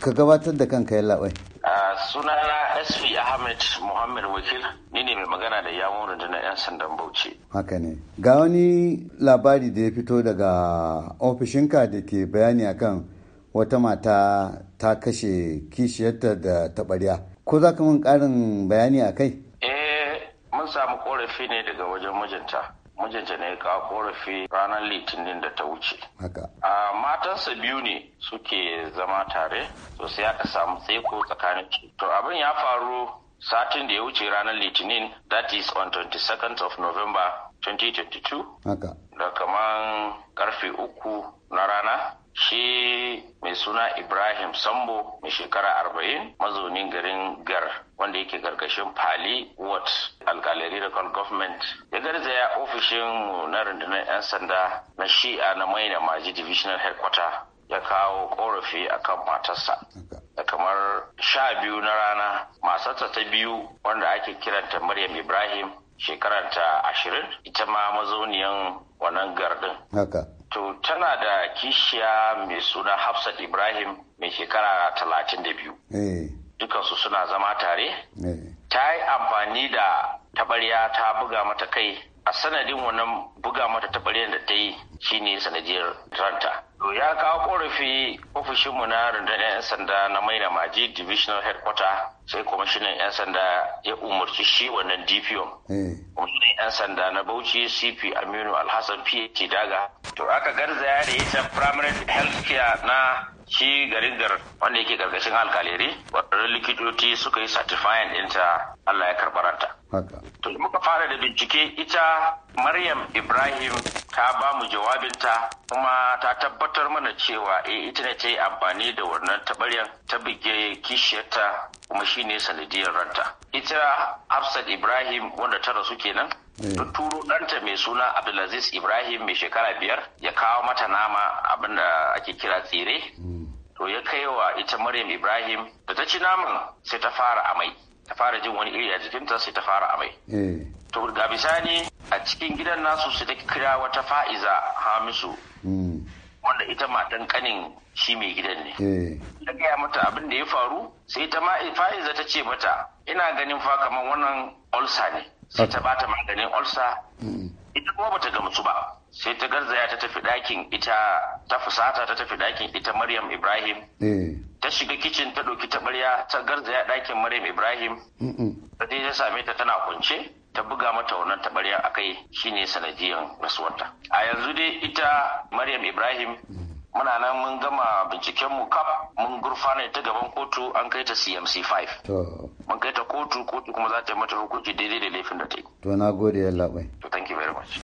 ka gabatar da kanka ya labai sunana sp ahmed muhammad wakil ni ne mai magana da yawon rundunar 'yan sandan bauchi haka ne ga wani labari da ya fito daga ofishinka da ke bayani akan wata mata ta kashe kishiyarta da taɓarya ko za ka mun ƙarin bayani a kai eh mun samu korafi ne daga wajen mijinta mijinta ne ya korafi ranar litinin da ta wuce a matansa biyu ne suke zama tare to sai aka samu ko tsakanin to abin ya faru satin da ya wuce ranar litinin that is on 22nd of november 2022 da kamar karfe uku na rana suna Ibrahim Sambo mai shekara arba'in mazaunin garin Gar wanda yake karkashin Pali wat alkalari local government ya garzaya ofishin na rundunar 'yan sanda na shi'a na Maina maji divisional headquarter ya kawo korafi akan matarsa da kamar sha biyu na rana matarsa ta biyu wanda ake kiranta Maryam Ibrahim shekaranta ashirin ita ma mazauniyan wannan gardin. To tana da kishiya mai suna Hafsat Ibrahim mai shekara talatin da biyu. Eh. Dukansu suna zama tare. Eh. Ta yi amfani da tabarya ta buga mata kai a sanadin wannan buga mata tabarya da ta yi shine sanadiyar ranta. To ya kawo korafi ofishinmu na rundunar 'yan sanda na maina maji divisional headquarter sai kwamishinan 'yan sanda ya umarci shi wannan dpo eh. kwamishinan 'yan sanda na bauchi cp aminu alhassan phd daga to aka garzaya da ita primary health care na shi garin gar wanda yake karkashin alkaleri wadannan likitoci suka yi certifying ɗinta Allah ya karbaranta. To muka fara da bincike ita Maryam Ibrahim ta ba mu jawabinta kuma ta tabbatar mana cewa e ita ne ta yi amfani da wannan tabaryan ta bige kishiyarta kuma shine sanadiyar ranta. Ita Hafsat Ibrahim wanda ta rasu kenan ta eh. turo ɗanta mai suna abdulaziz ibrahim mai shekara biyar ya kawo mata nama abinda ake kira tsire hmm. to ya kai wa ita maryam ibrahim da ta ci naman sai ta fara amai ta fara jin wani iri a jikinta sai ta fara amai eh. to ga bisani a cikin gidan nasu sai ta kira wata fa'iza hamisu hmm. wanda ita matan kanin shi mai gidan ne. Da eh. gaya mata abin da ya faru sai ta fa'iza ta ce mata ina ganin fa kamar wannan ulsa ne sai ta bata maganin ulsa ita kuma bata gamsu ba sai ta garzaya ta tafi ɗakin ita ta fusata ta tafi ɗakin ita maryam ibrahim eh. ta shiga kicin ta ɗauki taɓarya ta garzaya ɗakin maryam ibrahim ta dai ta same ta tana kwance ta buga mata wannan taɓarya akai shine sanadiyan rasuwarta a yanzu dai ita maryam ibrahim mm. muna nan mun gama binciken mu kaf mun gurfana ta gaban kotu an kai ta CMC 5 mun kai ta kotu kotu kuma za ta yi mata hukunci daidai da laifin da ta yi to na gode yalla bai to thank you very much